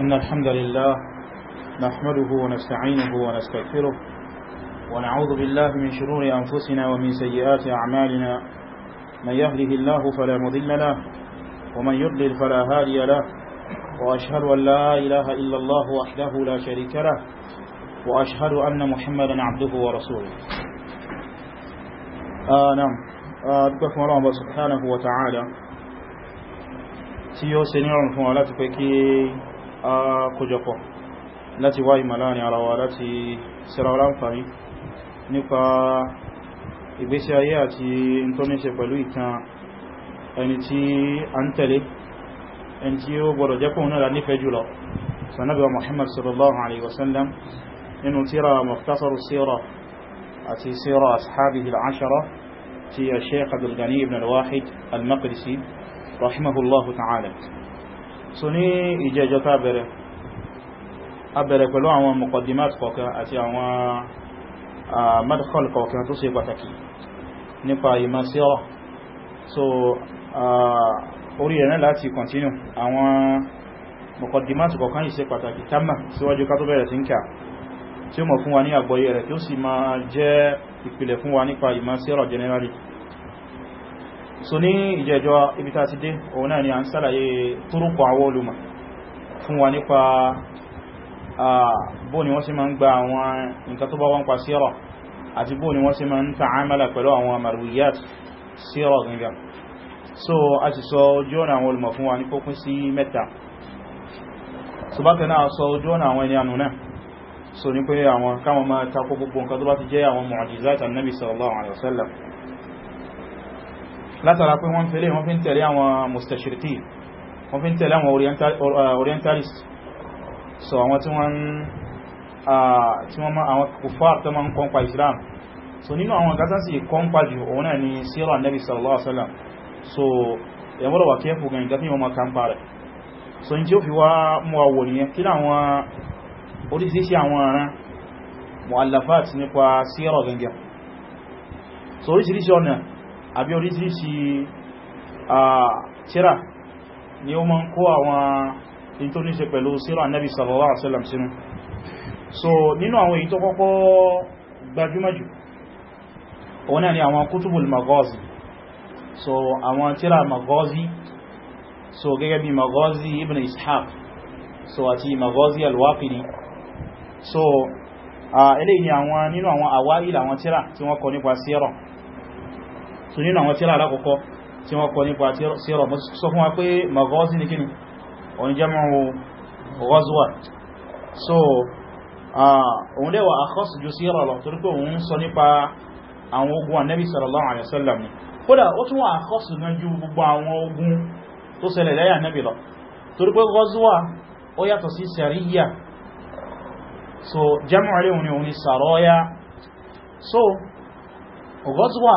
إن الحمد لله نحمده ونستعينه ونستغفره ونعوذ بالله من شرور أنفسنا ومن سيئات أعمالنا من يهده الله فلا مضل له ومن يضلل فلا هادي له وأشهد أن لا إله إلا الله وحده لا شريك له وأشهد أن محمدا عبده ورسوله آه نعم أدبكم آه الله سبحانه وتعالى سيوسي نعم se ní kójọpọ̀ láti wá ìmọ̀láàrin ara wa láti sẹ́ra láǹfàní nípa ìgbésí ayé àti intonese pẹ̀lú ìtàn ẹni tí a ń tẹ̀lé ẹni tí ó gbọdọ̀ jẹ́kùn náà nífẹ̀ẹ́ jùlọ sanabi wa muhammad so ní ìjẹjọ tá bẹ̀rẹ̀ a bẹ̀rẹ̀ pẹ̀lú àwọn mọ̀kọ̀dímát kọ̀ọ̀kan àti àwọn madkhal kọ̀ọ̀kan tó ṣe pàtàkì nípa ìmọ̀ síra so orí ẹ̀rẹ́ láti continue àwọn mọ̀kọ̀dímát kọ̀ọ̀kan yìí ṣe pàtàkì tamma síwájú ká tó bẹ̀rẹ̀ sí ń kà tí ó mọ̀ fún wa ní àgbọ́yé rẹ̀ tí ó sì máa jẹ́ ìpìlẹ̀ fún wa nípa ìmọ̀ síra generally so ní ìjẹjọ ibi tá ti dé òun náà a ń sálàyé túrùkù àwọn olùmọ̀ fún wa nípa bó ni wọ́n sì ma ń gba àwọn nǹkan tó bá wọ́n pa síra àti bó ni wọ́n sì máa ń tààmàlà pẹ̀lú àwọn gangan so a ti sọ ojú ọ̀nà àwọn olùmọ̀ fún wa ní so bákan náà sọ ojú ọ̀nà àwọn ẹni náà so ní pé àwọn káwọn máa takó gbogbo nǹkan tó bá ti jẹ́ àwọn látara pé wọ́n fẹ́lẹ̀ wọ́n fi ń tẹ̀lé àwọn mustashiriki wọ́n fi ń tẹ̀lé àwọn orientalist so àwọn tí wọ́n tí wọ́n àwọn kùfà tó ma ń kọ́npa islam so nínú àwọn gásánsì kọ́npa jù òun náà ni síra nabi sallallahu alaihi wasallam so yàmọ́rọ̀ wà kẹfù gan ìgbà so n tí ó fi wá mú àwò nìyẹn kí láwọn oríṣiríṣi àwọn ọ̀ràn mu'allafat so oríṣiríṣi ọ̀nà àbí oríṣìíṣìí tíra ni ó máa ń kó àwọn in tó ní ṣe pẹ̀lú síra annabi sallallahu alaihi sínú so nínú àwọn èyí tó kọ́kọ́ gbajúmọ̀jù òun náà ni àwọn kútùbùl maghazi so àwọn tíra maghazi so gẹ́gẹ́ bí maghazi ibn ishaq so àti maghazi al-waqidi so eléyìí ni àwọn nínú àwọn àwárí àwọn tíra tí wọ́n kọ nípa síra so nínú àwọn tíra alákọ̀ọ́kọ́ tí wọ́n kọ nípa síra mọ́ sọ fún wa pé maghazi ní kíni òun jẹ́ mọ́ ghazwa so òun lẹ́wà akhas ju síra lọ torí pé òun sọ nípa àwọn ogun annabi sallallahu alaihi wasallam ni kódà ó tún wà akhas gan ju gbogbo àwọn ogun tó ṣẹlẹ̀ lẹ́yìn annabi so jam'u lẹ́wọ̀n ni òun saraya so ghazwa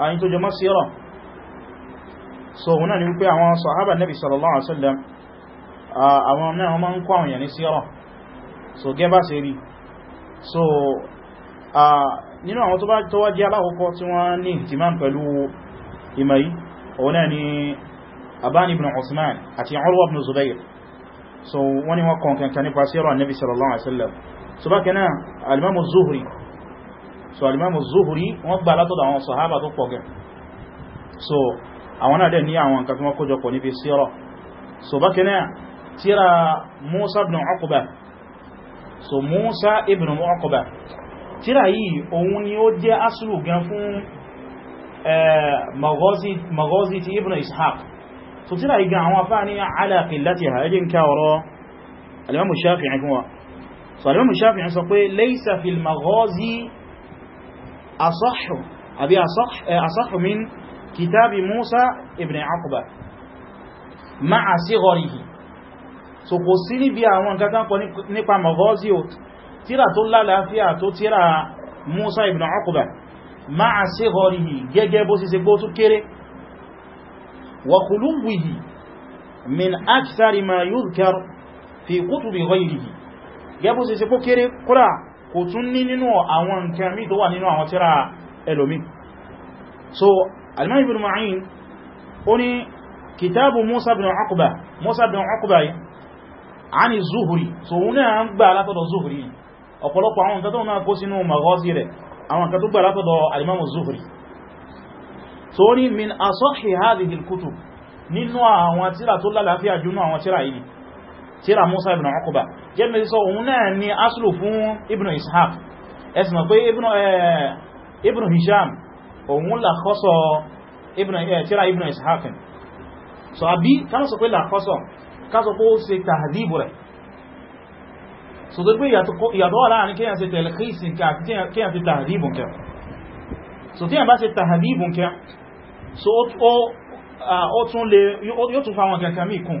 ayin tó jọmọ́ síra so wọn ni wípé àwọn sahaba nabi sallallahu alaihi wasallam àwọn náà wọ́n máa ń so gẹ́bà sí rí so nínú àwọn tó bá tó wá jẹ́ alákọ̀ọ́kọ́ tí wọ́n ní ìtìmán pẹ̀lú ìmọ̀ yìí òun náà ni abani ibn usman àti urwa so wọ́n ni wọ́n kọ̀ọ̀kan nípa síra nabi sallallahu alaihi wasallam so bákan náà alimamu zuhri so alimamu zuhuri wọ́n gbà látọ̀dọ̀ àwọn sahaba tó pọ̀ gẹ̀ so àwọn náà dẹ̀ ní àwọn nǹkan tí wọ́n kójọpọ̀ níbi sírọ̀ so bákan náà tíra musa ibn uqba so musa ibn uqba tíra yìí òun ni ó jẹ́ asùlù gan fún maghazi ti ibn ishaq so tíra yìí gan àwọn afá ní ala qillatiha ẹjẹ́ nǹkan ọ̀rọ̀ alimamu shafi'i fún wa so alimamu shafi'i sọ pé laysa fil maghazi asahhu àbí asahhu min kitabi Musa ibn Aqba ma'a sigharihi so kò sí níbi àwọn kankan pọ̀ nípa maghazi o tíra tó lálàáfíà tó tíra Musa ibn Aqba ma'a sigharihi gẹ́gẹ́ bó sì ṣe gbó tó kéré wa khuluwihi min akthari ma yudhkar fi kutubi ghayrihi gẹ́bó sì ṣe kéré kúrà kò tún ní nínú àwọn nǹkan mí tó wà nínú àwọn tíra ẹlòmí so alimani bin ma'in ó ní kitabu musa bin akuba musa bin akuba yìí a ní zuhuri so wọ́n náà ń gbà látọ̀dọ̀ zuhuri ọ̀pọ̀lọpọ̀ àwọn nǹkan tó náà kó sínú maghazi rẹ̀ àwọn nǹkan gbà látọ̀dọ̀ alimamu zuhuri so ó ní min asọ́hì hadhihi al-kutub nínú àwọn tíra tó lálàáfíà jùnú àwọn tíra yìí tíra musa ibn akuba jẹ́ mẹ́sí sọ òun náà ni aslu fún ibn ishaq ẹ̀sìn mọ̀ pé ibn hisham òun làkọ́sọ̀ tíra ibn ishaq so àbí kánàsọ̀ pé làkọ́sọ̀ kásọ̀ pé ó ṣe tàhdìbù rẹ̀ so tó gbé ìyàtọ̀ wà láàrin kíyàn ṣe tẹ̀lẹ̀kìsì kíyàn ṣe tàhdìbù kẹ so tíyàn bá ṣe tàhdìbù kẹ so ó tún lè yóò tún fa àwọn kẹkẹ kún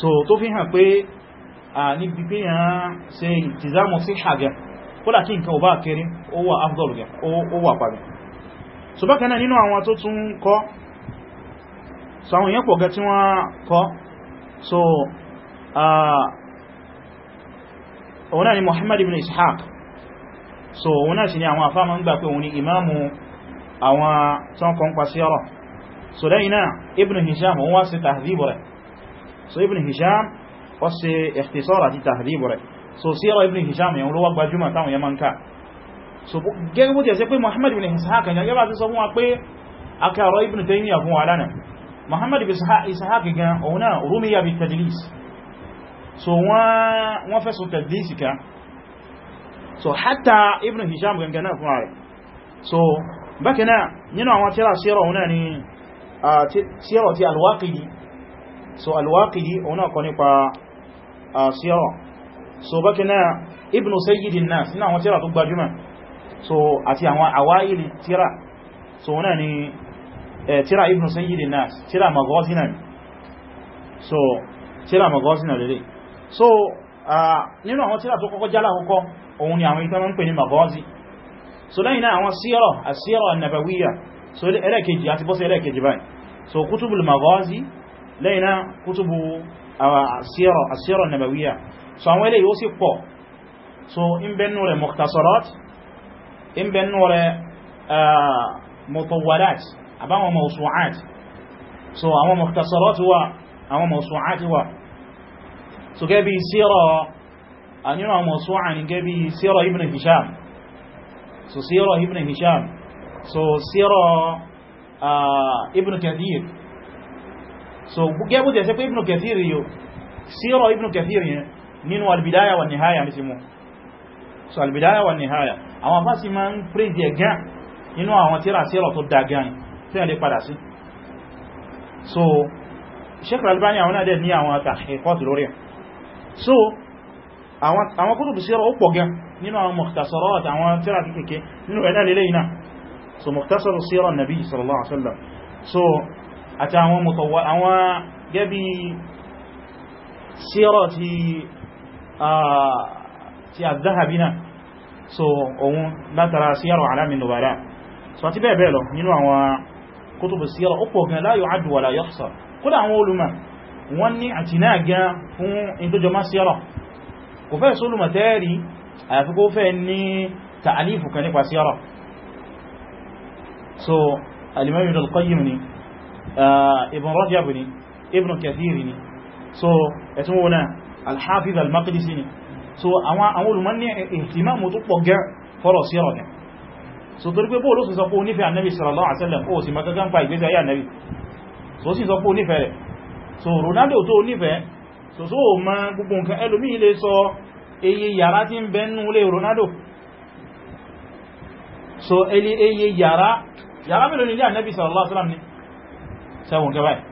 so to fi hàn pé a níbi pé yàn ṣe ìtìzámọ̀ sí ṣàgẹ̀ kódà kí nǹkan ò bá kéré ó wà afdol ó so bákan náà nínú àwọn tó tún kọ́ so àwọn èèyàn pọ̀ gẹ́ tí wọ́n kọ́ so ni Muhammad ibn Ishaq so òun náà sì ni àwọn àfáà máa ń gbà pé òun ni imamu àwọn tán so lẹ́yìn náà ibn Hisham òun wá sí so ibn hisham ó ṣe ikhtisara àti tahdhib rẹ̀ so sira ibn hisham yẹn ló wá gbajúmọ̀ táwọn yẹn máa ń kà so gẹ́gẹ́ bó ti ẹ̀sẹ̀ pé muhammad ibn ishaq yẹn yẹba ti sọ fún wa pé akẹ́rọ ibn taymiyyah fún wa lánàá muhammad ibn ishaq gan òun náà rumiya bi tadlis so wọ́n fẹ́ so tadlis kan so hatta ibn hisham gangan náà fún ààrẹ so bákanáà nínú àwọn tíra síra òun ni ah, tíra ti al-waqidi so al-Waqidi òun náà kọ nípa síọ́rọ̀ so bákan náà ibn sayyidin nas ní àwọn tíra tó gbajúmọ̀ so àti àwọn àwáyìlì tíra so wọ́n náà ni tíra ibn sayyidin nas tíra magọ́sínà so tíra magọ́sínà lèrè so nínú àwọn tíra tó kọ́kọ́ jálá kọ́kọ́ òun ni àwọn ìtọ́ mọ́ ń pè ní magọ́sí so lẹ́yìn náà àwọn síọ́rọ̀ àsíọ́rọ̀ nabawiyya so ẹlẹ́kejì àti bọ́sẹ̀ ẹlẹ́kejì báyìí so kútùbùl magọ́sí lẹ́yìnà kútùbù àṣírọ̀ uh, nàbàwíyà so àwọn ilé yóò sì pọ̀ so in bẹnu rẹ̀ mọ̀tàsọ̀rọ̀t in bẹnu rẹ̀ uh, mọ̀tọ̀wàdát àbáwọn mọ̀sùwàt so àwọn mọ̀tàsọ̀rọ̀t wà àwọn mọ̀sùwàt wà so gẹ́bí sírọ̀ àníwà mọ̀sùwà ní gẹ́bí sírọ̀ ibn hisham so sírọ̀ ibn hisham so sírọ̀ uh, ibn kathir so gẹ́gbù jẹ́ pé ibn kathir yíò sírọ̀ ibn kathir yẹn nínú albidaya wa ní ti mú so albidaya wa nihaya àwọn afá sí máa ń praise ẹ̀ gan nínú àwọn tíra sírọ̀ tó dá gan tí lè padà sí so sheikh albani àwọn adẹ́ ní àwọn àtàkẹ́kọ́tù lórí so àwọn kútùbù sírọ̀ ó pọ̀ gan nínú àwọn mukhtasarat àwọn tíra kékèké nínú ẹ̀dá lélẹ́yìn náà so mukhtasar sírọ̀ nabi sallallahu alaihi wasallam so àti àwọn mọ̀tọ̀wà àwọn gẹ́bí sírọ̀ ti ti az-Zahabi náà so ohun látara sírọ̀ alamin nubala so àti bẹ́ẹ̀ bẹ́ẹ̀ lọ nínú àwọn kútùbù sírọ̀ ó pọ̀ gan la yu'addu wa la yuhsar kódà àwọn olùmọ̀ wọ́n ní àti náà gan fún ìdójọmá sírọ̀ kò fẹ́ sólùmọ̀ tẹ́ẹ̀rí àyàfi kó fẹ́ ní ta'alifu kan nípa sírọ̀ so al-Imam Ibn al ni ibn rajab ni ibn kathir ni so ẹ̀tún wọn náà al-hafiz al-maqdisi ni so àwọn olùmọ́ ní ìhtimamu tó pọ̀ gẹ́ fọ́rọ̀ sí ọ̀rọ̀ so torí pé bóòlù sọ pé onífẹ́ annabi sallallahu alaihi wasallam ó sì magagan pa ìgbésí ayé annabi so sì sọ pé onífẹ́ rẹ̀ so ronaldo tó onífẹ́ so so o ma gbogbo nǹkan ẹlòmí ilé sọ eye yàrá tí ń bẹ nínú ilé ronaldo so eye yàrá yàrá mélòó ní ilé annabi sallallahu alaihi wasallam ni sẹ́wọ̀n kẹfà ẹ̀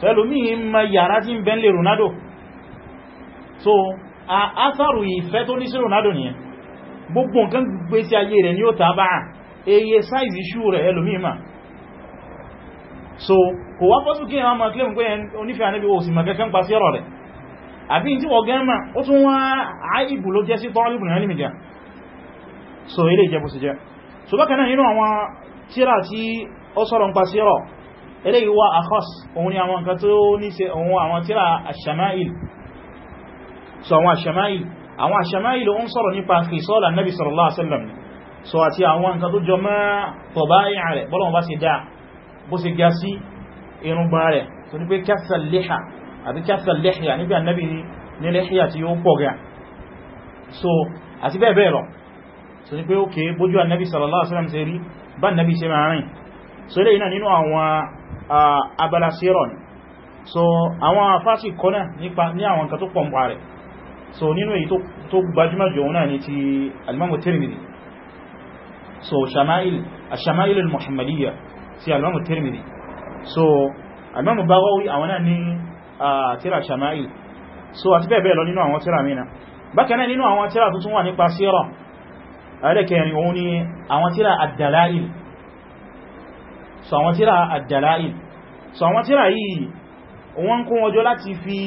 pẹ̀lú míì ma yàrá tí ń bẹ́ńlẹ̀ Ronaldo so a asaru ìfẹ́ tó ní sí Ronaldo nìyẹn gbogbo nǹkan gbé sí ayé rẹ̀ ni ó tàbá eye size rẹ̀ ma so kò wá fọ́sù kí àwọn claim pé onífẹ́ àníbi òsì mọ̀ kẹ́kẹ́ ń pa sí ọ̀rọ̀ rẹ̀ àbí tí wọ́n gẹ́mà ó so ilé ìjẹ́bù sí so bákanáà nínú àwọn tíra tí ó ń pa eléyìí wá àkọ́s òun ni àwọn nǹkan tó ní ṣe òun àwọn tíra àṣàmáìl so àwọn àṣàmáìl àwọn àṣàmáìl òun sọ̀rọ̀ nípa kìsọ́lá nabi sallallahu alaihi wasallam so àti àwọn nǹkan tó jọmọ́ tọ̀báyà rẹ̀ bọ́lọ̀ bá ṣe dá bó ṣe ga sí irùngbọ̀n rẹ̀ so ní pé kẹsàlẹ́hà so àti bẹ́ẹ̀ bẹ́ẹ̀ lọ so ní pé ó kéé bójú annabi sallallahu alaihi wasallam so eléyìí náà nínú àwọn abala sírọ̀ so àwọn afásí kọ́nà nípa ní àwọn nǹkan tó pọ̀ ń parẹ̀ so nínú èyí tó gbajúmọ̀ jù òun náà ni ti alimamu tirmidhi so shama'il ashama'il al-muhammadiyya ti alimamu tirmidhi so alimamu bagawi àwọn náà ni tírà shama'il so àti bẹ́ẹ̀ bẹ́ẹ̀ lọ nínú àwọn tírà mìíràn bákan náà nínú àwọn tírà tuntun wà nípa sírọ̀ ẹlẹ́kẹrin òun ad-dalail so àwọn tíra ad-dala'il so àwọn tíra yìí wọ́n kún ọjọ́ láti fi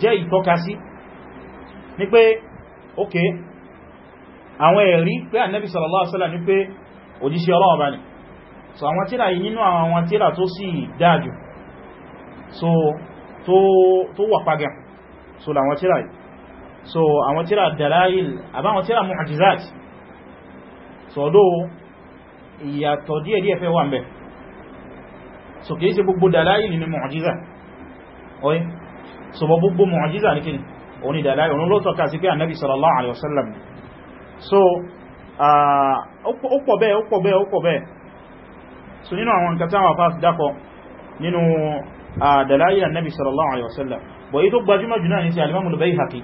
jẹ́ ìtọ́ka ní pé ok àwọn ẹ̀rí pé annabi sallallahu alaihi wasallam ní pé òjíṣẹ́ Ọlọ́run bá ní so àwọn tíra so tó wà pagá so so àwọn tíra ad-dala'il àbáwọn so ọdọ́ ìyàtọ̀ díẹ̀díẹ̀ fẹ́ wà ń so kìí ṣe gbogbo dàláìlì ní mọ̀jíza oye so bọ gbogbo mọ̀jíza ní kíni o ní dàláìlì òun ló tọ́ka sí pé annabi sallallahu alaihi wasallam so ó pọ̀ bẹ́ẹ̀ ó pọ̀ bẹ́ẹ̀ ó pọ̀ bẹ́ẹ̀ so nínú àwọn nǹkan táwọn afá dákọ nínú dàláìlì annabi sallallahu alaihi wasallam bọ̀ yí tó gbajúmọ̀ jù náà ní sí alimamul bayhaqi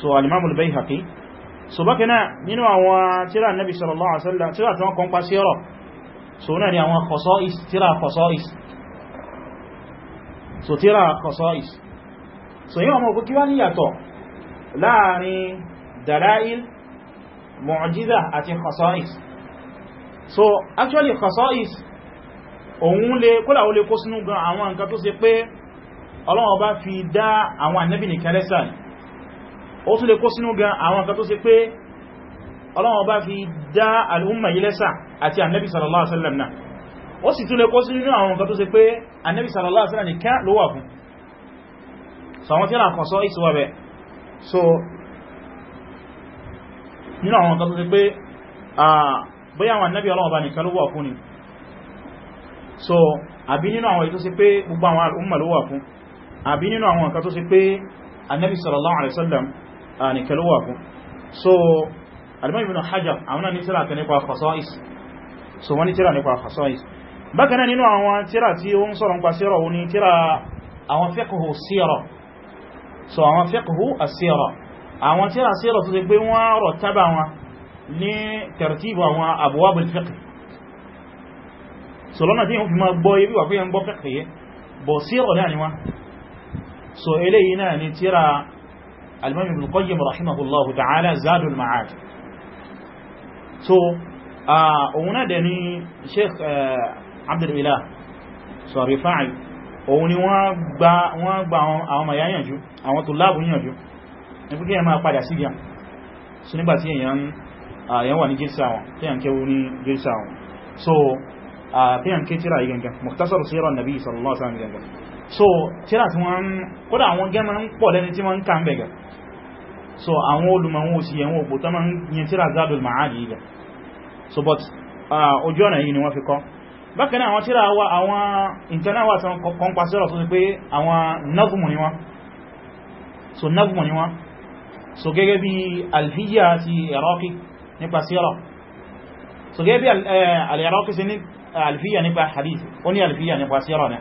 so alimamul bayhaqi so bákanáà nínú àwọn tíra annabi sallallahu alaihi wasallam tíra tí wọ́n kọ́ ń pa so náà ni àwọn khasa'is tíra khasa'is so tíra khasa'is so yíò ọmọ kí wá ní yàtọ̀ láàrin dalail mu'jiza àti khasa'is so actually khasa'is òun lè kólà ó lè kó sínú gan àwọn nǹkan tó ṣe pé Ọlọ́run bá fi dá àwọn ànábì nìkan lẹ́sàn ó tún lè kó sínú gan àwọn nǹkan tó ṣe pé ọlọ́wọ́n bá fi dá al'umma yìí lẹ́sà àti annabi sallallahu alaihi wasallam náà ó sì tún lè kó sínú àwọn nǹkan tó ṣe pé annabi sallallahu alaihi wasallam nìkan ló wà fún so àwọn tí ó kàn sọ ìsúwà bẹ so nínú àwọn nǹkan tó ṣe pé bóyá àwọn annabi ọlọ́wọ́n bá nìkan ló wà fún ni so àbí nínú àwọn ètò sí pé gbogbo tó ṣe pé annabi sallallahu alaihi wasallam nìkan ló wà fún so alimọ́ ibn Hajar àwọn náà ní tíra kan nípa khasa'is so wọ́n ní tíra nípa khasa'is bákan náà nínú àwọn tíra tí ó ń sọ̀rọ̀ nípa síra wọn ni tíra àwọn fiqhu síra so àwọn fiqhu síra àwọn tíra síra tó ti gbé wọ́n rọ̀ tábà wọn ní tartibu àwọn abwabul fiqh so lọ́nà tí yíò fi máa gbọ́ ibi wà fíyàn gbọ́ fiqh yẹ bọ̀ síra náà ni so eléyìí náà ni tíra alimọ́ ibn Qayyim rahimahullahu ta'ala zadul ma'ad so uh, òun náà dẹ̀ ni Sheikh uh, Abdul-Ilah so Rifa'i òun ni wọ́n gba àwọn ọmọ ya yànjú àwọn tó láàbù yànjú ní pé kí ẹ máa padà sí gíà so nígbà tí èyàn wà ní jírísà tí èyàn ní jírísà so tí èyàn ké tíra igangan Mukhtasar Sirat Nabi sallallahu alaihi wasallam igangan so tíra tí wọ́n kódà àwọn gẹ́mọ̀ ń pọ̀ lẹ́ni tí wọ́n so àwọn olùmọ̀ wọn ò sí ẹ̀wọ̀n òpó tó máa ń yẹn tíra Zadul Ma'ad yìí gan so but uh, ojú ọ̀nà yìí ni wọ́n fi kọ́ bákan náà àwọn tíra wa àwọn ìtẹ́láwà tán kan pàṣẹ ọ̀rọ̀ tó ti pé àwọn nazmu ni wọ́n so nazmu ni wọ́n so gẹ́gẹ́ bí alfiya ti iraqi nípa síra so gẹ́gẹ́ bí eh, al-iraqi sí ní eh, alfiya nípa hadith ó ní alfiya nípa síra náà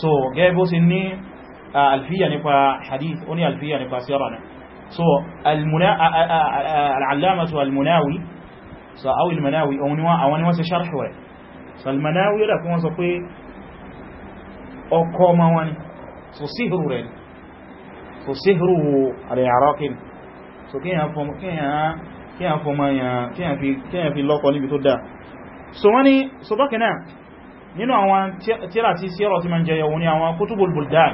so gẹ́gẹ́ bó sí ní eh, alfiya nípa hadith ó ní alfiya nípa síra náà so al-allamatu al-munawi so àwọn ilmanawi àwọn ni wọ́n ṣe sharhu rẹ̀ so ilmanawi rẹ̀ fún wọn sọ pé ọkọ ọmọ wọn ni so síhìrù rẹ̀ ni so síhìrù al-Iraqi so kíyàn fọmọ yàn kíyàn fi lọ́kọ níbi tó dáa so wọ́n ni so bákanáà nínú àwọn tíra tí síyọ́rọ̀ tí ma ń jẹyọ wọn ni àwọn kutubul buldan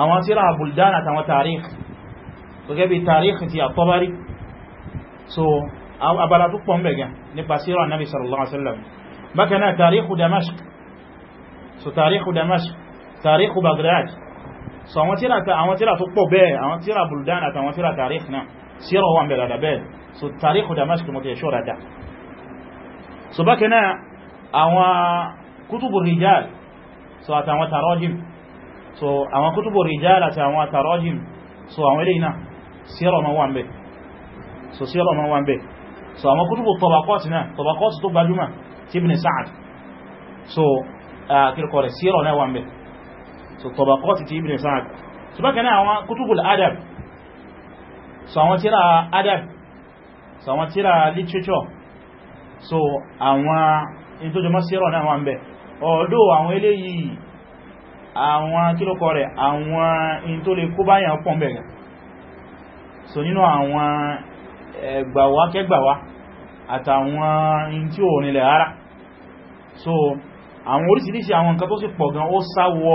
àwọn tíra buldan àtàwọn tàríkì gẹ́gẹ́ bí tàríkì ti àtọ́bárí so abala tó pọ̀ ń bẹ̀gẹ̀ nípa síra nabi sallallahu alaihi wasallam bákan náà tàríkù damask so tàríkù damask tàríkù baghdad so àwọn tíra àwọn tíra tó pọ̀ bẹ́ẹ̀ àwọn tíra buldan àti àwọn tíra tàríkù náà síra wọn bẹ̀rẹ̀ bẹ́ẹ̀ so tàríkù damask mo ti ṣọ́ dada so bákan náà àwọn kútùbù rijal so àtàwọn tarajim so àwọn kútùbù rijal àtàwọn tarajim so àwọn ilé iná síra ma wà bẹ̀ so síra ma wà bẹ̀ so àwọn kúrùbù tọbakọ́tì náà tọbakọ́tì tó gbajúmọ̀ tí Ibn Sa'ad so uh, kìrìkọ̀ rẹ̀ sírọ̀ náà wọ́n bẹ̀ so tọbakọ́tì tí Ibn Sa'ad so bákan náà àwọn kúrùbù adab so àwọn tíra adab so àwọn tíra literature so àwọn ìtòjọmọ́ sírọ̀ náà wọ́n bẹ̀ ọ̀dọ́ àwọn eléyìí àwọn kílòkọ rẹ̀ àwọn in tó lè kó báyàn pọ̀ mẹ́rin so nínú eh, àtàwọn in tí ò nílẹ̀ ara so àwọn orísìírísìí àwọn nǹkan tó sì pọ̀ gan ó sáwọ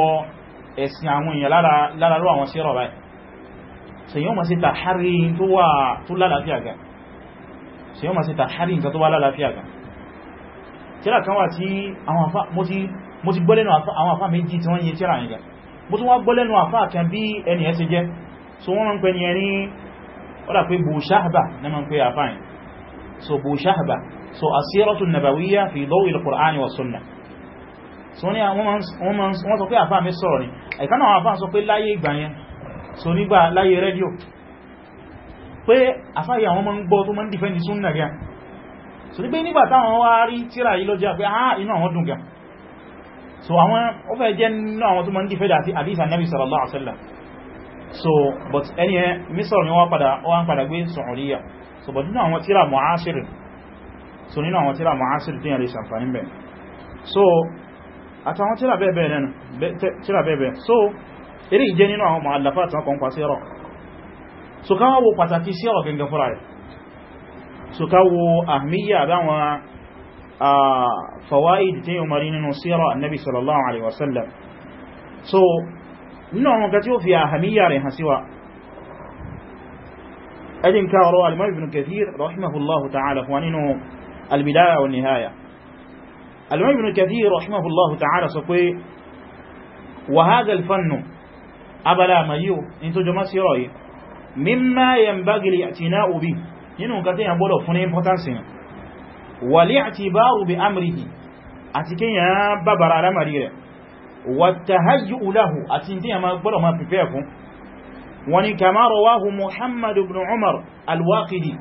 ẹ̀sìn àwọn èèyàn lára ló àwọn sírọ̀ báyìí so yíò ma sí tàhárí tó wà tó lálàáfíà gan so yíò ma sí tàhárí nǹkan tó wà lálàáfíà gan tíra kan wà tí mo ti gbọ́lẹ́nu àwọn àfá méjì tí wọ́n yí tíra yìí gan mo tún wá gbọ́lẹ́nu àfá kan bí ẹni ẹ ti jẹ́ so wọ́n mọ́ ń pẹ ni ẹni ọ́dà pé bùsáàbà ní mọ́ ń pẹ àfá yìí so bu shahba so asiratu nabawiyya fi dawi al-qur'ani wa sunnah so ni àwọn wọ́n sọ pé àfáà mi sọ̀rọ̀ ni ẹ̀kan náà àfáà sọ pé láyé ìgbà yẹn so nígbà láyé rédíò pé àfáàyà àwọn máa ń gbọ́ tó máa ń dìfẹ́ndì súnnà gá so ní pé nígbà táwọn wá rí tíra yìí lọ́jọ́ pé ah inú àwọn dùn gá so àwọn ó fẹ́ jẹ́ nínú àwọn tó so but nínú àwọn tíra mu'asir so nínú tí yà lè ṣàǹfàní bẹ̀ so àtàwọn tíra bẹ́ẹ̀bẹ̀ nínú tíra so eré ìjẹ́ nínú àwọn mu'allafa tí wọ́n kọ́ ń pa síra so ká wo pàtàkì síra gangan fúra rẹ̀ so ká wo ahmiya so nínú àwọn kan tí ó ẹjìn ká ọ̀rọ̀ alimọ́ ibn kathir rahimahullahu ta'ala fún nínú albidaya wa nihaya alimọ́ ibn kathir rahimahullahu ta'ala sọ pé wa hadha alfannu abala mayo in tó jọmọ́ sí rọ̀ yìí mimma yanbaghi li'tina'u bihi nínú nǹkan tí yàn gbọ́dọ̀ fún ní importance yàn wa li'tibaru bi amrihi àti wani kama rawahu muhammad ibn umar alwaqidi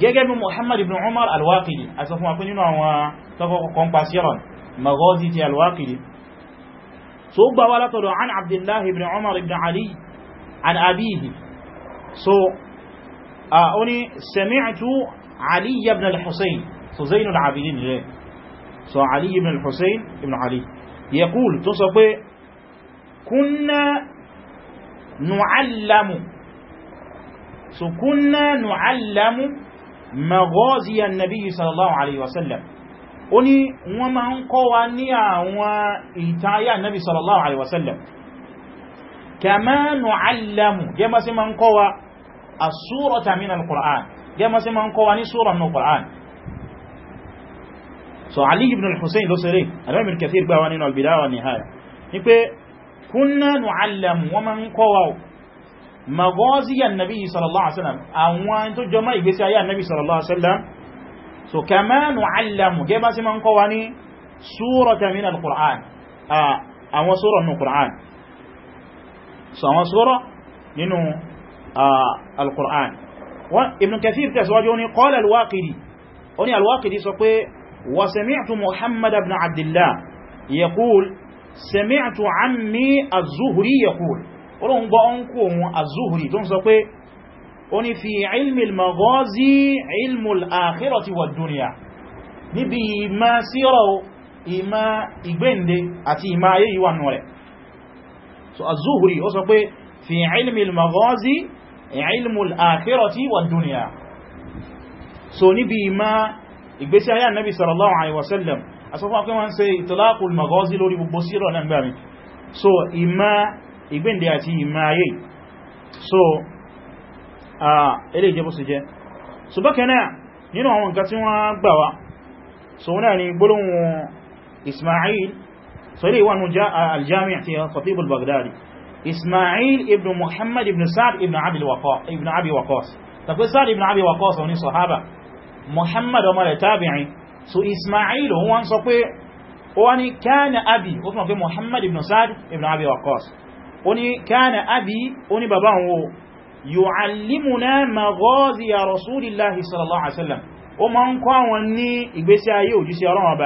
gẹ́gẹ́ bí muhammad ibn umar alwaqidi a sọ fún akún nínú àwọn tọ́kọ̀kọ̀kan pasiran maghazi ti alwaqidi so gba wá látọ̀dọ̀ an abdullahi ibn umar ibn ali an abihi so a oni sami'tu ali ibn al-husayn so zainu al-abidin ne so ali ibn al-husayn ibn ali yaqul tún sọ pé kunna نعلم so kunna nu'allamu maghazi an-nabi sallallahu alayhi wa sallam ó ní wọ́n máa ń kọ́ wa ní àwọn itaya nabi sallallahu alayhi wa sallam kama nu'allamu je ma ń kọ́ wa as-surata min al-qur'an je ma ń kọ́ wa ní sura min al so ali ibn al-husayn ló sere Imam al-Kathir gbà wá nínú kúnná nùhálàm wọ́n ma ń kọ́wà magọ́síyà nàbí sallallahu alaihi wasallam àwọn tó jọmọ́ ìgbésí ayé nàbí sallallahu alaihi wasallam so kama nùhálàm gẹ́bá sí ma ń kọ́wà ní súrọ̀ta min al-Qur'an àwọn súrọ̀ nínú Qur'an so àwọn súrọ̀ nínú al-Qur'an Ibn Kathir tẹ̀síwájú ó ní qala sami'tu ammi az-zuhri yaqul olóhun gbọ́ ọ́n kú ohun az-zuhri tó ń sọ pé ó ní fi ilmi al-maghazi ilmu al-akhirati wa dunya níbi ìmá sírọ̀ ìmá ìgbéǹde àti ìmá ayé yíwa nù rẹ̀ so az-zuhri ó sọ pé fi ilmi al-maghazi ilmu al-akhirati wa so níbi ìmá ìgbésí ayé annabi sallallahu alaihi wasallam asọ́fà pé wọ́n ṣe ìtọ́láàkù magọ́sí lórí gbogbo sírọ̀ náà gbàmí so ìmá ìgbéǹdẹ̀ àti ìmá ayé so a ilé ìjẹ́ bó sì jẹ́ so bákanáà nínú àwọn nǹkan tí wọ́n gbà wá so wọ́n náà ni gbólóhùn Ismail so ilé ìwọ̀n aljami àti Khatib al-Baghdadi Ismail ibn Muhammad ibn Sa'd ibn Abi Waqqas tafi Sa'd ibn Abi Waqqas wani so Ismail òun wọ́n sọ pé ó wá ní káàna abi ó fi mọ̀ pé Muhammad ibn Sa'd ibn Abi Waqqas ó ní káàna abi ó ní bàbá òun yu'allimuna maghaziya rasulillahi sallallahu alaihi wasallam ó máa ń kọ́ àwọn ní ìgbésí ayé òjíṣẹ́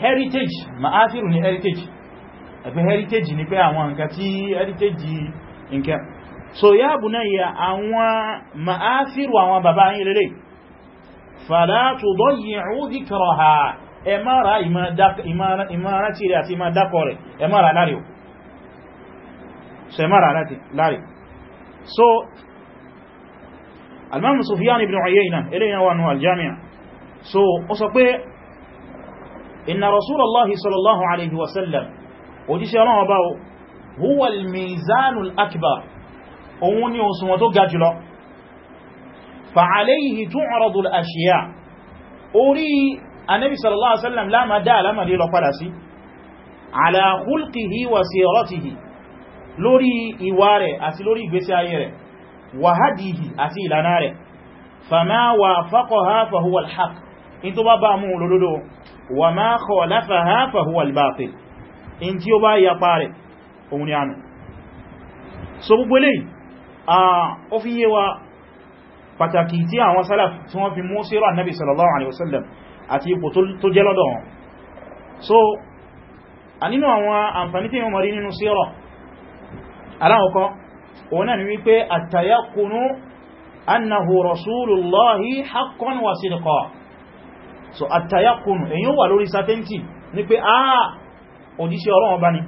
heritage ma'afiru ni heritage ẹgbẹ́ heritage ni pé àwọn nǹkan tí heritage nǹkan so ya bù náà yà àwọn ma'afiru awon baba yìí lélẹ̀ fala tudayyi'u dhikraha ẹmọ́ra ìmọ̀rántí rẹ̀ àti ìmọ̀ dákọ̀ rẹ̀ ẹmọ́ra lari o so ẹmọ́ra lari so al-Imam Sufyan ibn Uyayna eléyìnwà nù al-Jami' so ó sọ pé inna rasulallahi sallallahu alaihi wasallam òjíṣẹ́ ọlọ́wọ́ bá huwa al-mizanul akbar òun ni òsùnwọ̀n tó ga jùlọ fa alayhi tu'radu al-ashiya orí anabi sallallahu alaihi wasallam láma dá alamari lọ padà sí ala khulqihi wa siratihi lórí ìwà rẹ̀ àti lórí ìgbésí ayé rẹ̀ wa hadihi àti ìlànà rẹ̀ fama wafaqaha fa huwa al in tó bá bá mú olódodo wa ma khalafaha fa huwa al-batil in tí ó bá ya parẹ̀ òun ni ànà so gbogbo lè a ó fi yé wa pàtàkì tí àwọn salaf tí wọ́n fi mú síra annabi sallallahu alaihi so a nínú àwọn àǹfàní tí wọ́n mọ̀rí nínú síra aláwọ̀kọ́ òun náà ni wípé at-tayaqqunu rasulullahi haqqan wa sidqan so àtàyàkùnù èyàn wà lórí sátẹ́ntì ní pé ah òjíṣẹ́ Ọlọ́run bá ní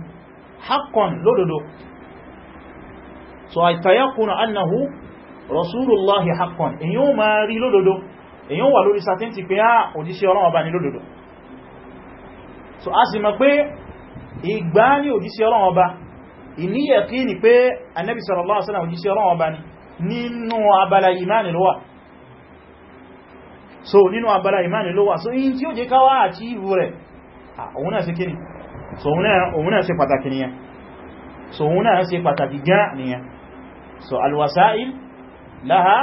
haqqan lódodo so àtàyàkùnù annahu rasulullahi haqqan èyàn ma rí lódodo èyàn wà lórí sátẹ́ntì pé ah òjíṣẹ́ Ọlọ́run bá ní lódodo so a sì mọ̀ pé ìgbà ní òjíṣẹ́ Ọlọ́run bá ìníyàkí ni pé annabi so nínú abala imani ló wà so yí tí ó jẹ́ káwà àti ìrù rẹ̀ ah, òun náà ṣe kíni so òun náà ṣe pàtàkì nìyẹn so òun náà ṣe pàtàkì gan nìyẹn so alwasa'il laha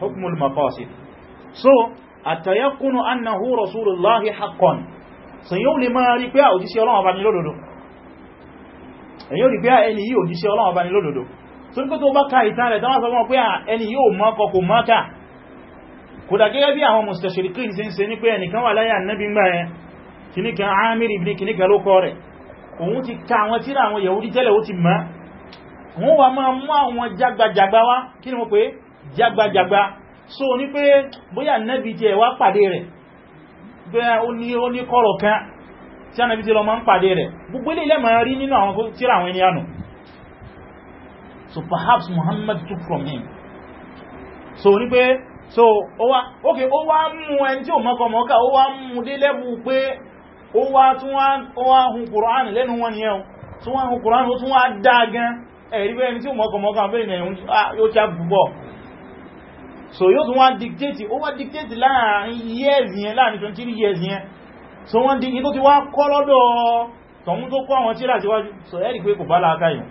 hukmul maqasid so àtàyẹ́kúnnù annahu rasulullahi haqqan so yóò lè máa rí pé òjíṣẹ́ Ọlọ́run bá ní lódodo èyí ò rí pé ẹni yìí òjíṣẹ́ Ọlọ́run bá ní lódodo so ní kó tó bá ka ìtàn rẹ̀ tán wá sọ fún kódà gẹ́gẹ́ bí àwọn mustashriqin ṣe ń ṣe ní pé ẹnìkan wà láyé annabi ń gbà kìníkan amir ibn kìníkan ló kọ rẹ̀ òun ti ka àwọn tíra àwọn yahudi tẹ́lẹ̀ ó ti mọ́ wọ́n wà máa mú àwọn jagbajagba wá kí ni mo pé jagbajagba so ní pé bóyá annabi jẹ́ wá pàdé rẹ̀ bẹ́ẹ̀ ó ní ó ní kọ̀rọ̀ kan tí annabi ti lọ máa ń pàdé rẹ̀ gbogbo ilé lẹ́mọ̀ rí nínú àwọn tíra àwọn ẹni ànù so perhaps muhammad took from him so ní pé so ó wá ok ó wá mú ẹni tí ò mọ́kọ mọ́ká ó wá mú dé lẹ́bù pé ó wá tún wá hun Kùránì lẹ́nu wọn ni ẹun tún wá hun Kùránì ó tún wá dáa gan ẹ̀rí pé ẹni tí ò mọ́kọ mọ́ká bẹ́ẹ̀ ni ẹ̀hún ah, yóò chá búbọ̀ so yóò tún wá dictate ó wá dictate láàrin years yẹn láàrin 23 years yẹn so wọ́n di to ti wá kọ́ lọ́dọ̀ tọ̀hún tó kọ́ àwọn tíra síwájú so ẹ̀rí pé kò bá láàká yìí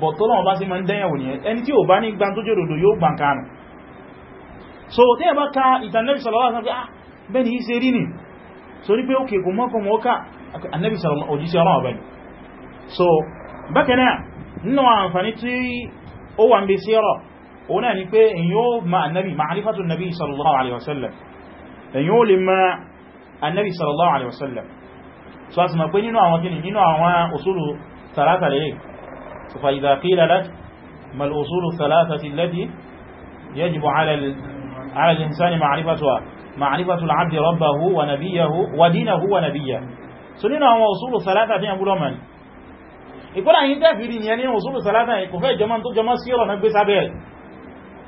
bọ̀ tó lọ́wọ́ bá sí máa ń dẹ́yẹ̀wò nìyẹn ẹni tí ò bá ní gbá tó jòdòdò yóò gbàǹkanù so tí ẹ bá ka ìtànẹ́bì sallallahu alaihi wasallam bẹ́ẹ̀ ni ṣe rí ni so ní pé ó kèkò mọ́kọ̀ ka annabi sallallahu òjíṣẹ́ ọlọ́wọ́ bẹ́ẹ̀ so bákan náà nínú àǹfàní tí ó wà ń bẹ sí ọ̀rọ̀ òun náà ni pé èyí ó ma annabi ma'rifatu nabi sallallahu alaihi wasallam èyí ó lè ma annabi sallallahu alaihi wasallam so a sì mọ̀ pé nínú àwọn gini àwọn usulu lè fa idha qila lak usulu allati على الإنسان معرفتها معرفة العبد ربه ونبيه ودينه ونبيه سنين هو وصول ثلاثة في أبو لمن يقول أن يتفيد يعني وصول ثلاثة يكفي جمان تو جمان سيرا نبي سابير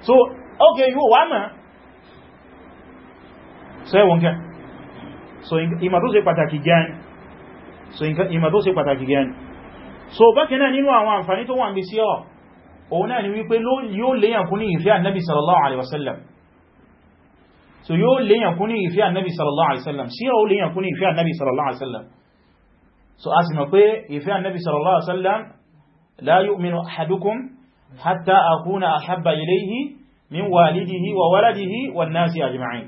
so okay you wama so ẹwọn so إما دوسي ṣe pàtàkì so إما دوسي ṣe pàtàkì so bákanáà nínú àwọn àǹfàní tó wà ń bí sí ọ̀ òun náà ni wípé yóò léyàn fún ní annabi sallallahu alaihi wasallam so yóò léyàn kún ní ìfẹ́ annabi sallallahu alaihi wasallam síra ó léyàn kún ní ìfẹ́ annabi sallallahu alaihi wasallam so a sì mọ̀ pé ìfẹ́ annabi sallallahu alaihi wasallam la yu'minu ahadukum hatta akuna ahabba ilayhi min walidihi wa waladihi wan nasi ajma'in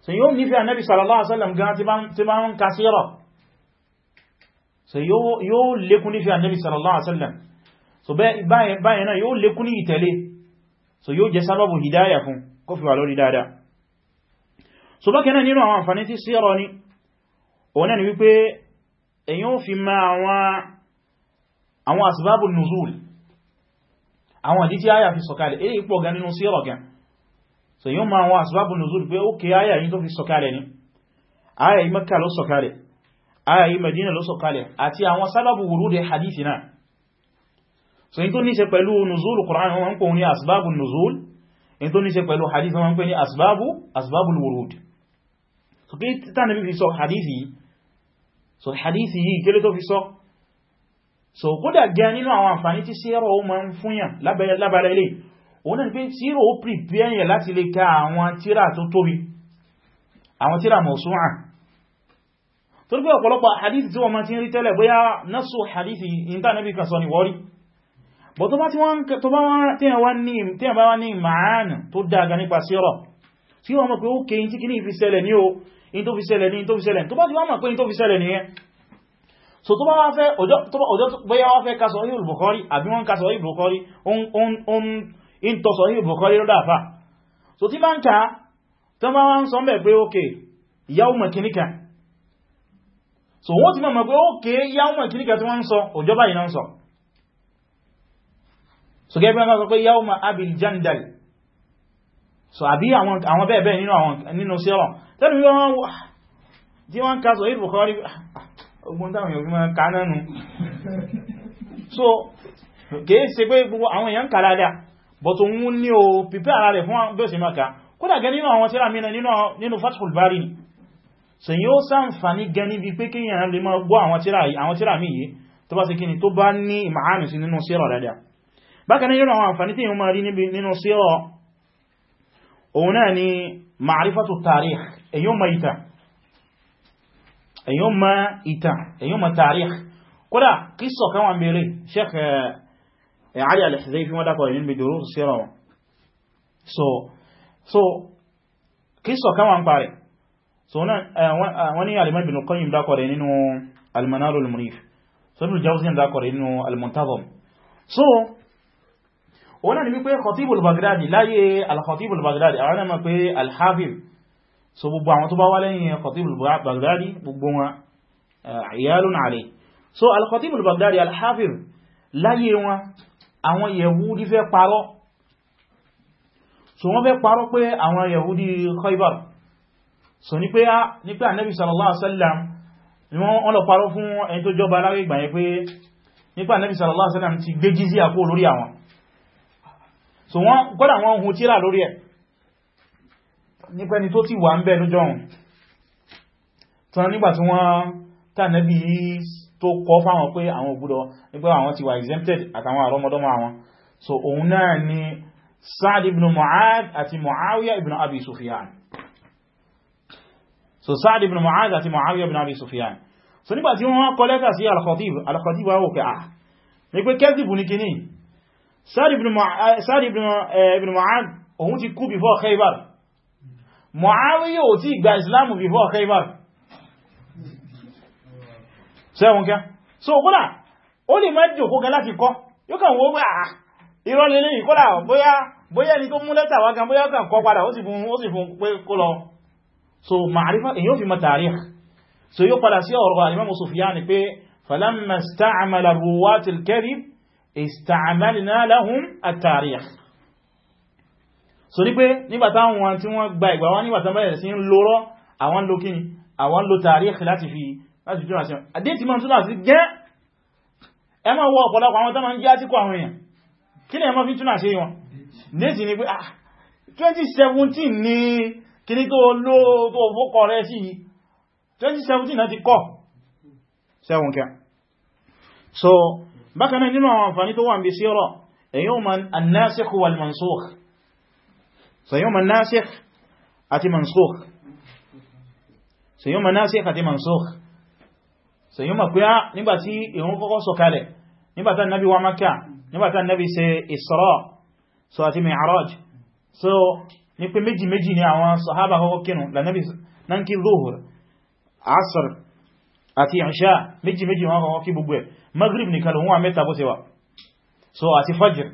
so yóò nífẹ́ annabi sallallahu alaihi wasallam so bákan náà nínú àwọn àǹfàní tí síra ní òun náà ni wípé èyàn ò fi ma àwọn asbabun nuzul àwọn àdí tí àyà fi sọ̀kalẹ̀ èyí pọ̀ gan nínú síra gan so yíò ma àwọn asbabun nuzul pé ó kè àyà yìí tó fi sọ̀kalẹ̀ ni àyà yìí Mẹ́kà ló sọ̀kalẹ̀ àyà yìí Mẹ́dínà ló sọ̀kalẹ̀ àti àwọn sábàbù wùrúdẹ̀ hadithi náà so yí tó ní ṣe pẹ̀lú nuzul Qur'an wọn pè ní asbabun nuzul yí tó ní ṣe pẹ̀lú hadith wọn pè ní asbabu asbabul wurud so pé títà nàbí fi sọ hadithi yìí so hadithi yìí kí ló tó fi sọ so kódà gẹ nínú àwọn àǹfààní tí sírò ó máa ń fúnyàn lábàlẹ̀ ilé òun náà pé sírò ó prepare yẹn láti lè ka àwọn tíra tó tóbi àwọn tíra mọ̀súnà tó rí pé ọ̀pọ̀lọpọ̀ hadithi tí wọ́n máa ti rí tẹ́lẹ̀ bóyá nasu hadithi níta nàbí kan sọ ni wọ́rí bọ̀ tó bá wá ní màánù tó dáa ga nípa sírò tí wọ́n mọ̀ pé ó kéyìn tí kì ní ìfi ní o in tó fi ṣẹlẹ̀ ní in tó fi ṣẹlẹ̀ tó bá ti wá mọ̀ pé in tó fi ṣẹlẹ̀ nìyẹn so tó bá wá fẹ́ ọjọ́ bóyá wá fẹ́ kásọ̀ yìí Bukhari àbí wọ́n kásọ̀ yìí so tí bá ń ká tó bá wá ń so wọ́n ti mọ̀ pé ókè yawma kìníkà tí wọ́n ń so gẹ́gẹ́ bí wọ́n sọ pé yawma so àbí àwọn bẹ́ẹ̀bẹ́ nínú àwọn nínú síọ̀rọ̀ tẹ́lú bí wọ́n wà tí wọ́n ká sọ ìlú kọ́rí ogun táwọn èèyàn máa ká nánu so kìí ṣe pé gbogbo àwọn èèyàn kà dáadáa but òun ní o pípẹ́ ara rẹ̀ fún bí ó ṣe máa ká kódà gẹ́ nínú àwọn tíra mìíràn nínú Fathul Bari so yóò sàǹfàní gẹ́ níbi pé kí èèyàn lè máa gbọ́ àwọn tíra mi yìí tó bá ṣe kí ni tó bá ní ìmàánì sí nínú síọ̀rọ̀ dáadáa bákan náà yóò àwọn àǹfàní tí èèyàn máa rí nínú síọ̀rọ̀ òun náà ni ma'rifatu tarikh èyàn ma ìtàn èyàn ma ìtàn èyàn ma tarikh kódà kíso kan wà mẹ́rẹ̀ Sheikh eh, Ali al-Hudhayfi wọ́n dákọ̀ ìrìn bèdòrò síra wọn so so kíso kan wà ń parí so eh, wọ́n eh, ni alimọ́ ibn Qayyim dákọ̀ rẹ̀ nínú al-Manar so ibn Jawzi dákọ̀ rẹ̀ nínú al so òun náà ni wípé Khatib al-Baghdadi láyé al-Khatib al-Baghdadi àwọn náà pé al-Hafiz so gbogbo àwọn tó bá wá lẹ́yìn Khatib al-Baghdadi gbogbo wọn eh, iyalun alayhi so al-Khatib al-Baghdadi al-Hafiz láyé wọn àwọn Yahudi fẹ́ parọ́ so wọ́n fẹ́ parọ́ pé àwọn Yahudi Khaybar so ní pé ah, ní pé Ànábì sallallahu alaihi wasallam ni wọ́n lọ so wọ́n kọ́dà wọ́n hun tíra lórí ẹ̀ nípa ẹni tó ti wà ń bẹ lójọ́ tán nígbà wọ́n tànẹ́bí tó kọ́ fáwọn pé àwọn ògbúdọ̀ nípa àwọn ti wà exempted àtàwọn àrọmọdọ́mọ àwọn ni Sa'd ibn Mu'ad àti Mu'awiya ibn Abi Sufyan ibn Mu'ad àti Mu'awiya ibn Abi Sufyan Sa'd eh, eh, ibn Mu'adh òun ti kú before Khaybar Mu'awiya ò tí gba Islamu before Khaybar sẹ́wọ̀n kẹ́ so kódà ó lè má jò kókẹ láti kọ́ yóò kàn wó bá ìrọ́lẹ̀lẹ́ ìkọ́dà bóyá ní tó mú lẹ́tà wá gan bóyá kàn kọ́ padà ó sì fún pé kó lọ so ma'arifa èyí ó fi mọ̀ tarikh so yóò padà sí ọ̀rọ̀ Imam Sufyan pé falamma sta'amala ruwatil kadhib ista'malna lahum at-tarikh so ní pé nígbàtá wọn tí wọ́n gba ìgbà wọn nígbàtá bẹ̀rẹ̀ sí ń lórọ́ àwọn ló kíni àwọn ló tarikh láti fi láti jọ́nà sí àdé tí ma tún láti gẹ́ ẹ máa wọ ọ̀pọ̀lọpọ̀ àwọn tó ma ń jẹ́ átíkọ̀ àwọn èèyàn kí ni ẹ máa fi ah, so bákan náà nínú àwọn àǹfàní tó wà ń bí síra èyàn ma an-nasikh wal mansukh so èyàn ma nasikh àti mansukh so èyàn ma nasikh àti mansukh so èyàn ma pé á ah, nígbàtí èyàn kọ́kọ́ sọ̀kalẹ̀ nígbàtí annabi wa Makkah nígbàtí annabi ṣe Isra so àti Mi'raj so ní pé méjì méjì ni àwọn sahaba kọ́kọ́ kinu lanabi nanki zuhur asr àti ìṣà méjì méjì wọn kọ̀wọ́ kí gbogbo ẹ̀ maghrib nìkan lòun wà mẹ́ta bó ṣe wà so àti fajr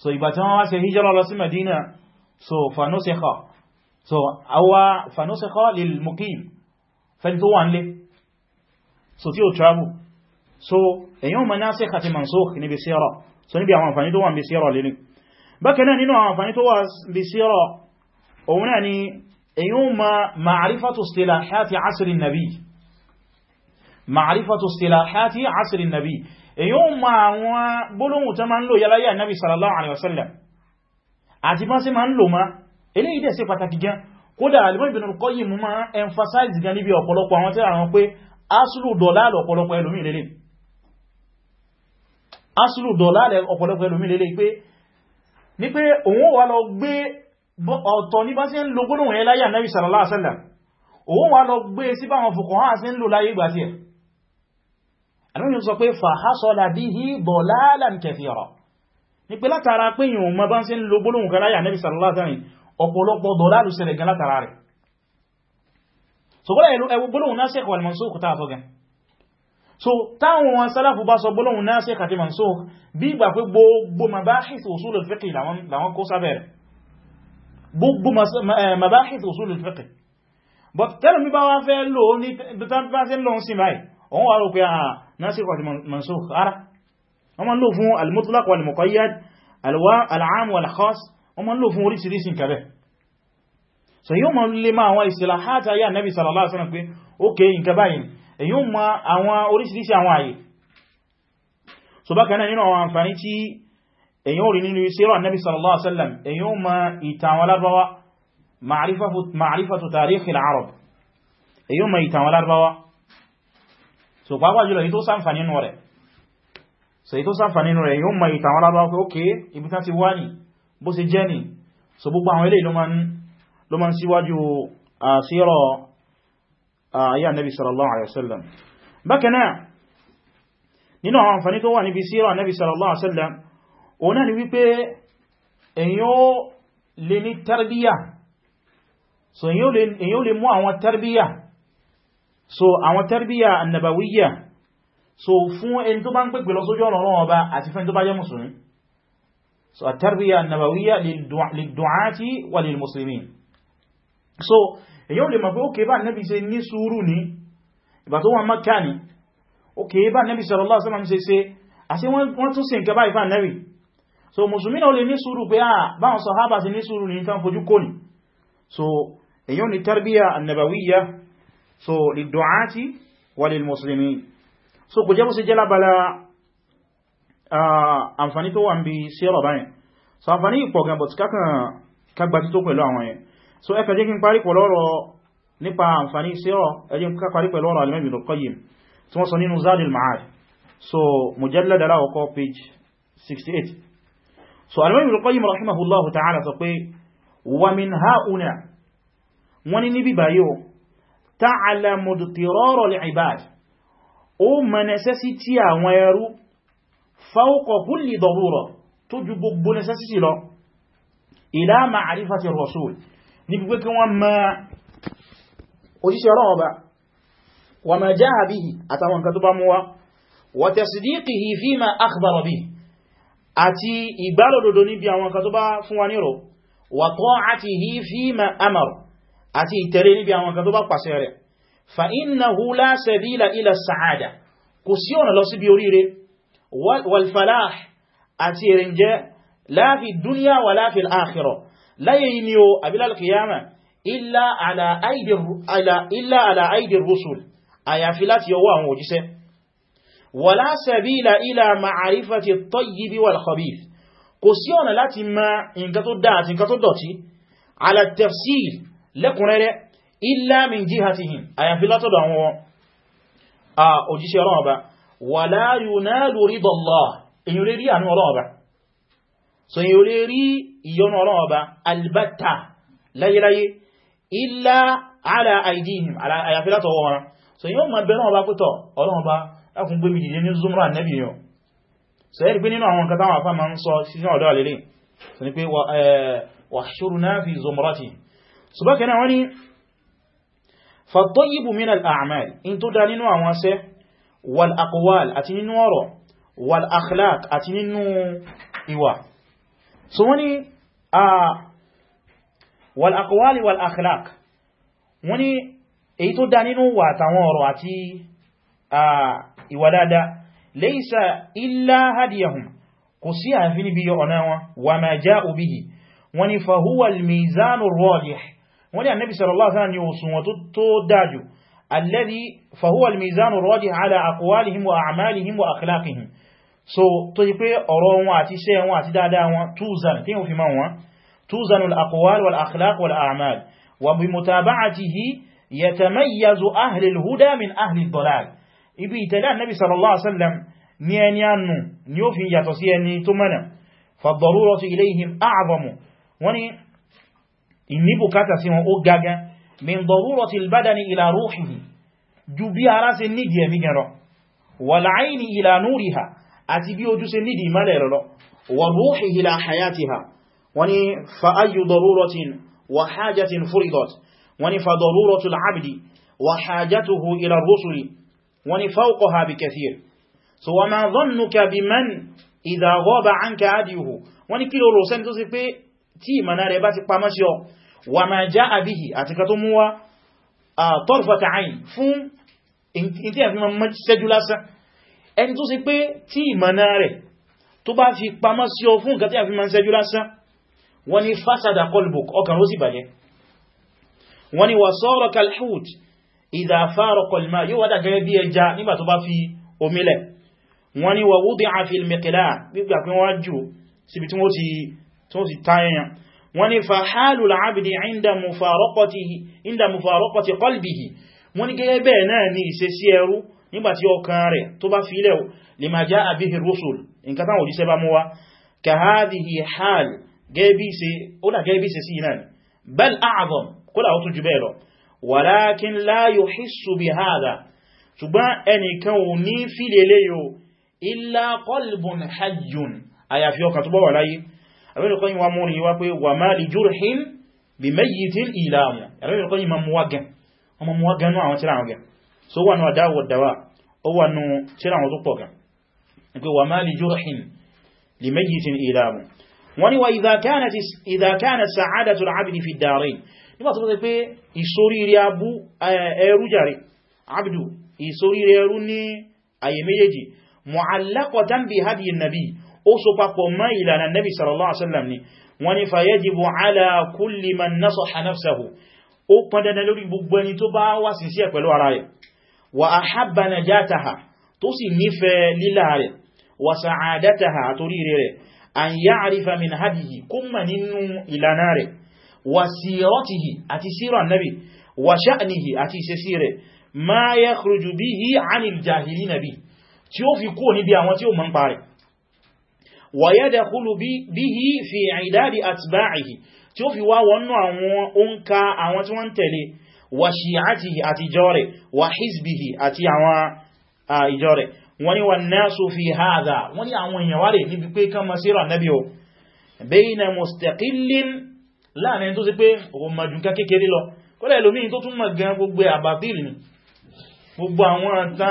so ìgbà tí wọ́n wá ṣe hijira lọ sí Madina so fanusikha so awa fanusikha lil muqim fẹ́ni wà ń so tí ó travel so èyàn ma nasikha àti mansukh níbi so níbi àwọn àǹfàní tó wà níbi síra lè ní bákan náà nínú àwọn àǹfàní tó wà níbi síra òun náà ni èyàn ma ma'rifatu istilahati asri nabi ma'rifatu silahati asri nabi èyàn ma àwọn gbólóhùn tó ma ń lò yálàyà nabi sallallahu alaihi wasallam àti bá sí ma ń lò ma eléyìí dẹ̀ ṣe pàtàkì gan kódà alimọ́ ibn al-Qayyim ma emphasize gan níbi ọ̀pọ̀lọpọ̀ àwọn tí àwọn pé aslu dalal ọ̀pọ̀lọpọ̀ ẹlòmí lélẹ̀ aslu dalal ọ̀pọ̀lọpọ̀ ẹlòmí lélẹ̀ pé ní pé òun wà lọ gbé ọ̀tọ̀ ní bá sí ń lo gbólóhùn yálàyà nabi sallallahu alaihi wasallam òun wà lọ gbé e sí báwọn fuqaha sí ń lò láyé ìgbà tiẹ̀ àmì sọ pé fàhásọ́lá bí i bọ̀láàlàn kẹfìrọ̀ ní pé látara pé yíò ma bá ń sí lo gbólóhùn karáyà nẹ́bí sàrọ̀látàrin ọ̀pọ̀lọpọ̀ dọ̀láàlù sẹ̀rẹ̀ gan látara rẹ̀ so gbólóhùn nasikh wal mansukh ta sọ gan so táwọn wọn sálàfù bá sọ gbólóhùn nasikh àti mansukh bí ìgbà pé gbogbo mabáhìsì usulul fiqh làwọn kó sábẹ̀rẹ̀ ناسخ àti mansukh ara wọ́n máa ń lò fún al-mutlaq wal-muqayyad al-aam wal-khaas wọ́n máa ń lò fún oríṣiríṣi nǹkan bẹ́ẹ̀ so yóò máa lè máa àwọn ìsìláhátà yà nẹ́bí sallallahu alaihi wasallam pé ókè nǹkan báyìí èyí ó ma àwọn oríṣiríṣi àwọn àyè so bákan náà nínú àwọn àǹfàní tí èyí ó rí nínú ìṣẹ́rọ nẹ́bí sallallahu alaihi wasallam èyí ó ma ìtàn wa Lárúbáwá ma'rifatu tarikh al-arab èyí ó ma ìtàn wa Lárúbáwá so pàápàá jùlọ èyí tó sáǹfà nínú rẹ̀ so èyí tó sáǹfà nínú rẹ̀ yóò mọ̀ ìtàwọn alábáwọ́ pé ókè ibi tán ti wá ní bó ṣe jẹ́ ní so gbogbo àwọn eléyìí ló ma ń síwájú àṣírọ̀ ayé Ànábì sallallahu alaihi wasallam bákan náà nínú àwọn àǹfààní tó wà níbi síra Ànábì so àwọn tẹ́rbíyà annabawiyya so fún ẹni tó bá ń pèpè lọ sójú ọ̀nà Ọlọ́run Ọba àti fẹ́ni tó bá jẹ́ mùsùlùmí so tẹ́rbíyà annabawiyya lil-du'ati wa lil-muslimin so èyàn lè mọ̀ pé ókè bá nẹ́bí ṣe ní sùúrù ní ìgbà tó wọn Mákkà ní ókè bá nẹ́bí sallallahu alaihi wasallam ṣe ṣe wọ́n tún sí so mùsùlùmí náà lè ní sùúrù pé à ah, báwọn sàhábà so èyàn ni tẹ́rbíyà so lid-du'ati wa lil-muslimin so kò jẹ́ bó ṣe jẹ́ lábala àǹfàní tó wà ń bí síọ̀rọ̀ báyìí so àǹfàní ìpọ̀ gan bọ̀ tí kákan kagbàtí tó pẹ̀lú àwọn yẹn so ẹkà jẹ́ kí n parí pẹ̀lú ọ̀rọ̀ nípa àǹfàní síọ̀rọ̀ ẹjẹ́ ká parí pẹ̀lú ọ̀rọ̀ al-Imam Ibn al-Qayyim tí wọ́n sọ nínú Zadul Ma'ad so mujallad aláwọ̀kọ́ page 68 so al-Imam Ibn al-Qayyim rahimahullahu ta'ala sọ pé wa min ha'una wọ́n ní níbi báyìí ta'lamu idtirara al-ibad ó mọ̀ necessity àwọn ẹrú fawqa kulli darura tó ju gbogbo necessity lọ ila ma'rifati ar-rasul ní pípé kí wọ́n mọ̀ òjíṣẹ́ ọlọ́wọ́ bá wa ma jaa bihi àtàwọn nǹkan tó bá mú wa tasdiqihi àti ìtẹ̀lé níbi àwọn kan tó bá pàṣẹ rẹ̀ fa innahu la sabila ila sa'ada kò sí ọ̀nà lọ sí bí oríire wal falah àti ìrìnjẹ́ la fi dunya wa la fi al-akhirah láyé ni o abilal qiyama illa ala aidir illa ala aidir rusul àyàfi láti ọwọ́ àwọn òjíṣẹ́ wala sabila ila kò sí ọ̀nà láti ma nǹkan tó dáa àti nǹkan tó dọ̀tí ala lẹ́kùnrẹ́rẹ́ illa min jihatihim àyàfi látọ̀dọ̀ àwọn òjíṣẹ́ Ọlọ́run Ọba wala yunalu ridha Allah èyàn lè rí àánú Ọlọ́run Ọba so èyàn lè rí ìyọ́nú Ọlọ́run Ọba albatta láyéláyé illa ala aidihim àyàfi látọ̀wọ́ wọn fi zumrati ṣùgbọ́n kẹ́nà wọ́n ni fàtọ́yìbù mínal àmàl in tó dá nínú àwọn ṣẹ́ wal aqwal àti nínú ọ̀rọ̀ wal akhlaq àti nínú ìwà so wọ́n ni a wal aqwal wal akhlaq wọ́n ni èyí tó dá nínú wà àtàwọn ọ̀rọ̀ àti ìwà dáadáa laysa illa kò sí àfi níbi ọ̀nà wọn wà ma ja'u bihi wọ́n ni fahuwa mizanu ar wọ́n ní annabi sallallahu alaihi wasallam ni òṣùwọ̀n tó dájú alladhi fahuwa almizanu rajih ala aqwalihim wa a'malihim wa akhlaqihim so tó yí pé ọ̀rọ̀ wọn àti iṣẹ́ wọn àti dáadáa wọn tuzan tí ó fi man wọn tuzanul aqwal wal akhlaq wal a'mal wa bi mutaba'atihi yatamayyazu ahli alhuda min ahli ad-dalal ibi ìtẹ̀lé annabi sallallahu ìníbùkátà sí wọn ó gagan min darurati al-badani ila ruhihi ju bí ara ṣe nídìí ẹ̀mí gẹ̀rọ wal ayni ila nuriha àti bí ojú ṣe nídìí ìmọ́lẹ̀ rẹ̀ lọ wa ruhi ila hayatiha wani fa ayyu daruratin wa hajatin furidat wani fa daruratu al-abdi wa tí ìmọ̀nà rẹ̀ bá ti pamọ́ sí ọ wà máa já àbíhì àti ká tó mú wá tọ́rfàtà àyìn fún ìtí àfi ma ṣẹ́jú lásán ẹni tó sì pé tí ìmọ̀nà rẹ̀ tó bá fi pamọ́ sí ọ fún nǹkan tí àfi ma ṣẹ́jú lásán wọ́n ni fásádà kọlbùk ọkàn ó sì bàjẹ́ wọ́n ni wà tó sì táyẹyàn wọ́n ni fàhálù l'ábìdì inda mufaraqati qalbihi wọ́n ni gẹ́gẹ́ bẹ́ẹ̀ náà ni ìṣesí ẹrú nígbàtí ọkàn rẹ̀ tó bá fi ilẹ̀ lima jaa bihi rusul nǹkan táwọn òjíṣẹ́ bá mú wá ka àbẹ́lẹ̀kọ́ yíwa mú ní wá pé wà má lè jùrùhìn bí méjì tí ìlàmù àbẹ́lẹ̀kọ́ yí ma mú wágan ọmọ mú wágan ní àwọn tíra wágan so wà ní àdáwò dáwà ó wà ní tíra wọn tó pọ̀ gan pé wà má lè jùrùhìn bí méjì tí ìlàmù wọ́n ni wà ìdàkánà sàádà tó ó so papọ̀ mọ́ ìlànà nabi sallallahu alaihi wasallam ni wọ́n ní fayajibu ala kulli man nasaha nafsahu ó pọn dandan lórí gbogbo ẹni tó bá wà sincere pẹ̀lú ara rẹ̀ wa ahabba najataha tó sì nífẹ̀ẹ́ lílà rẹ̀ wa sa'adataha àtórí rẹ̀ an tí ó fi kúrò níbi àwọn tí ó mọ̀ ń parẹ̀ ويدخل به في عداد أتباعه tí ó fi wá wọnú àwọn òǹkà àwọn tí wọ́n tẹ̀lé wa shi'atihi àti ìjọ rẹ̀ wa hizbihi àti àwọn ìjọ rẹ̀ wọ́n ni wa nasu fi hadha wọ́n ni àwọn èèyàn níbi pé kan ma síra nabi gbogbo àwọn tán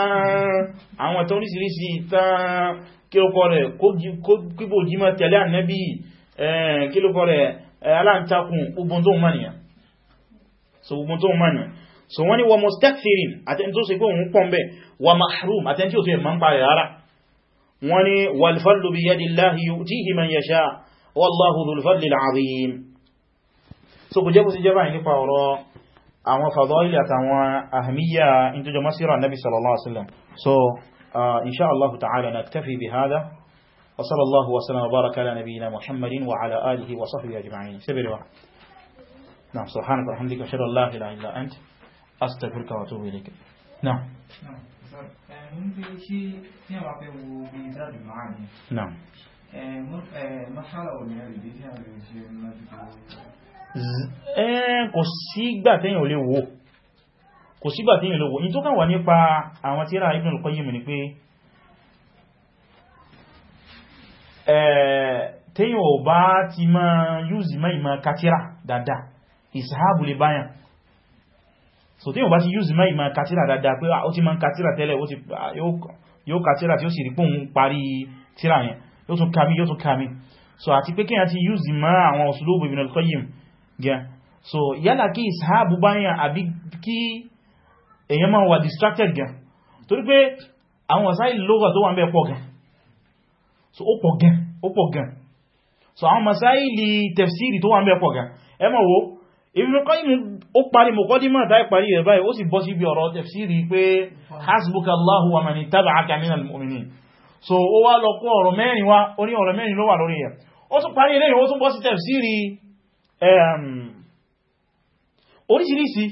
àwọn tán orísìírísìí tán kílùkọ́ rẹ̀ kíbò jí máa tẹ̀lé ànábì kílùkọ́ rẹ̀ aláǹtakùn gbogbo tó mọ́nìyàn so wọ́n ni wọ́n mustakfirin àtẹ́ntí ó sì pé òun pọ̀m̀bẹ̀ wà mahrum àtẹ́ntí ó sì ma ń parí rárá wọ́n ni walfadlu bi yadillahi yu'tihi man yasha wallahu dhul fadlil azim so kò jẹ́ kó sí jẹ́ báyìí آه، إن شاء الله تعالى نكتفي بهذا وصلى الله وسلم وبارك على نبينا محمد وعلى آله وصحبه أجمعين سبيل واحد نعم سبحانك وحمدك وشهد الله إلا إلا أنت أستغفرك وأتوب إليك نعم نعم kò sí ìgbà tẹ́yìn ò lè wo kò sígbà tí ìlòwò in tó kàn wà nípa àwọn tíra Ibn al-Qayyim ni pé tẹ́yìn ò bá ti ma yúzi ma ìmọ̀ katira dada ìsáàbù lè báyàn so tẹ́yìn ò bá ti yúzi ma ìmọ̀ katira dada pé ó ti ma ń katira tẹ́lẹ̀ yóò katira tí ó sì rí pòun parí tíra yẹn yóò tún kami yóò tún kami so àti pé kíyàn ti yúzi ma àwọn uslubu Ibn al-Qayyim gẹn so yálà kí ìsáàbù báyàn àbí kí èyàn máa wà distracted gan torí pé àwọn wàsáì lóga tó wà ń bẹ pọ̀ gan so ó pọ̀ gan ó pọ̀ gan so àwọn masáì lè tafsiri tó wà ń bẹ pọ̀ gan ẹ máa wo Ibn Qayyim ó parí muqaddimah dá ìparí rẹ̀ báyìí ó sì bọ́ sí bí ọ̀rọ̀ tafsiri pé hasbukallahu wa so ó wá lọ kó ọ̀rọ̀ mẹ́rin wá ó ní ọ̀rọ̀ mẹ́rin ló wà lórí ẹ̀ ó tún parí eléyìí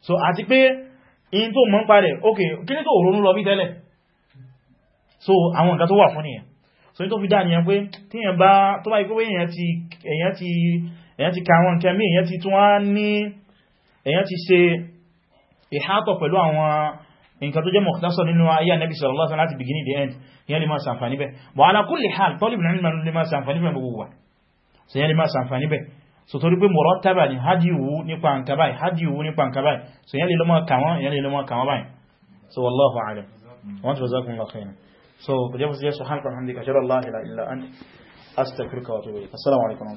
so àti pé in tó mọ́ ń parẹ̀ ok kí ní tó ronú lọ bí tẹ́lẹ̀ so àwọn nǹkan tó wà fún nìyàn so ní tó fi dá nìyàn pé tí èyàn bá tó bá ikú pé èyàn ti ka àwọn nǹkan mí èyàn ti tún wá ní èyàn ti ṣe ìhátọ̀ pẹ̀lú àwọn nǹkan tó jẹ́ mọ̀kútásọ̀ nínú ayé Ànábì sallallahu the end ìyẹn lè máa sàǹfà níbẹ̀ but ala kulli hal tọ́lìbìnrin lè máa sàǹfà níbẹ̀ gbogbo wà so ìyẹn lè so torí pé mọ̀rọ̀ tábà ní hadiwu nípa nǹkan báyìí hadiwu nípa nǹkan báyìí so yẹn lè lọ́mọ kàwọn yẹn lè lọ́mọ kàwọn báyìí so wallahu a'lam wọ́n tó zákun lọ kẹ́yìn so kò jẹ́ fúsí jẹ́ sọ hàn kọ̀hàn dìkà ṣọ́rọ̀ an